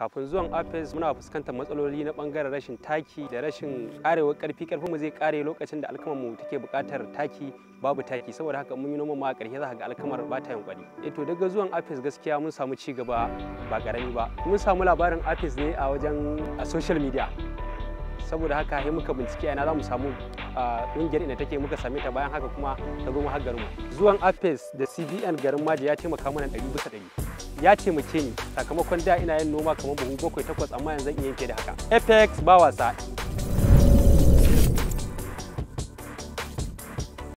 kafin zuwan afes muna fuskantar matsaloli na bangaren rashin taki da rashin karewar karfi karfi mu zai kare lokacin da alkamar mu take bukatar taki babu taki saboda haka mun yi noma ma a ƙarshe za ga alkamar ba ta yin kwari eh to daga zuwan afes gaskiya mun samu ci gaba ba karami ba mun samu labarin afes ne a wajen a social media saboda haka sai muka bincike yana za mu samu ƙungiyar inda take muka same ta bayan haka kuma ta zo mu har mu. zuwan apes da cbn garin maji ya taimaka mana ɗari bisa ɗari ya ce mu ni sakamakon da ina yin noma kamar buhu bakwai takwas amma yanzu in yanke da haka apex ba wasa